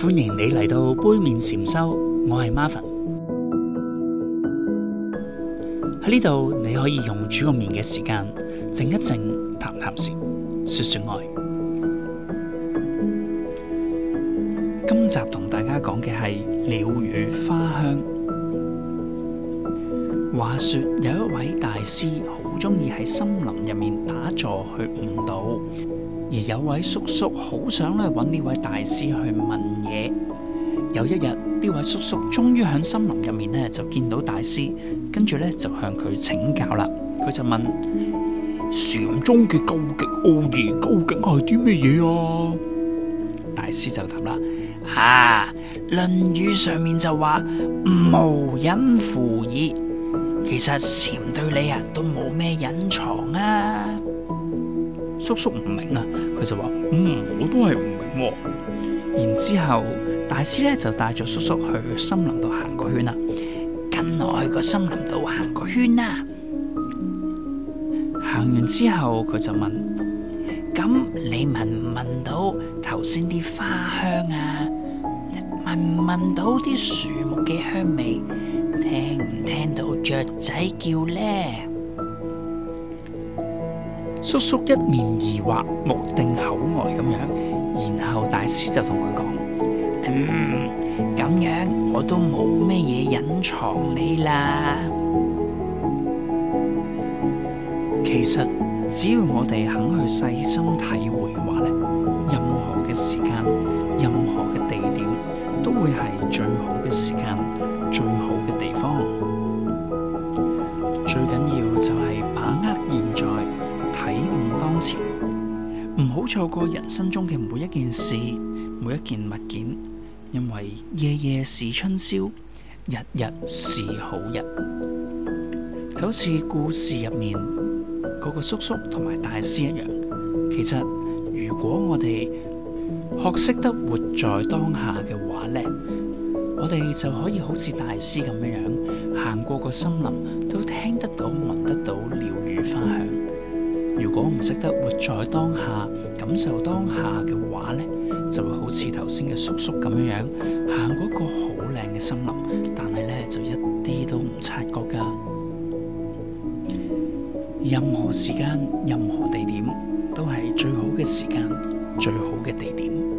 歡迎你嚟到杯麵禪修，我係 Marvin。喺呢度你可以用煮個麵嘅時間靜一靜，談談事，説説愛。今集同大家講嘅係鳥語花香。話說有一位大師好鍾意喺森林入面打坐去悟道，而有位叔叔好想呢揾呢位大師去問嘢。有一日，呢位叔叔終於喺森林入面呢就見到大師，跟住呢就向佢請教啦。佢就問禪宗嘅究極奧義究竟係啲咩嘢啊？大師就答啦：啊，《論語》上面就話吾無隱乎爾。其實禪對你啊都冇咩隱藏啊！叔叔唔明啊，佢就話：嗯，我都係唔明，哦。然之後大師呢就帶住叔叔去森林度行個圈啦，啊，跟我去個森林度行個圈啦，啊。行完之後佢就問：咁，嗯哦，你聞唔聞到頭先啲花香啊？聞唔聞到啲樹木嘅香味？聽唔聽到雀仔叫呢？叔叔一面疑惑，目定口呆咁樣，然後大師就同佢講：嗯，咁樣我都冇咩嘢隱藏你啦。其實只要我哋肯去細心體會嘅話呢，任何嘅時間，任何嘅地點，都會係最好嘅時間。最緊要就係把握現在，體悟當前，唔好錯過人生中嘅每一件事、每一件物件，因為夜夜是春宵，日日是好日。就好似故事入面嗰個叔叔同埋大師一樣，其實如果我哋學識得活在當下嘅話呢。我哋就可以好似大師咁樣樣行過個森林，都聽得到、聞得到鳥語花香。如果唔識得活在當下、感受當下嘅話呢，就會好似頭先嘅叔叔咁樣樣行過一個好靚嘅森林，但係呢就一啲都唔察覺㗎。任何時間、任何地點，都係最好嘅時間、最好嘅地點。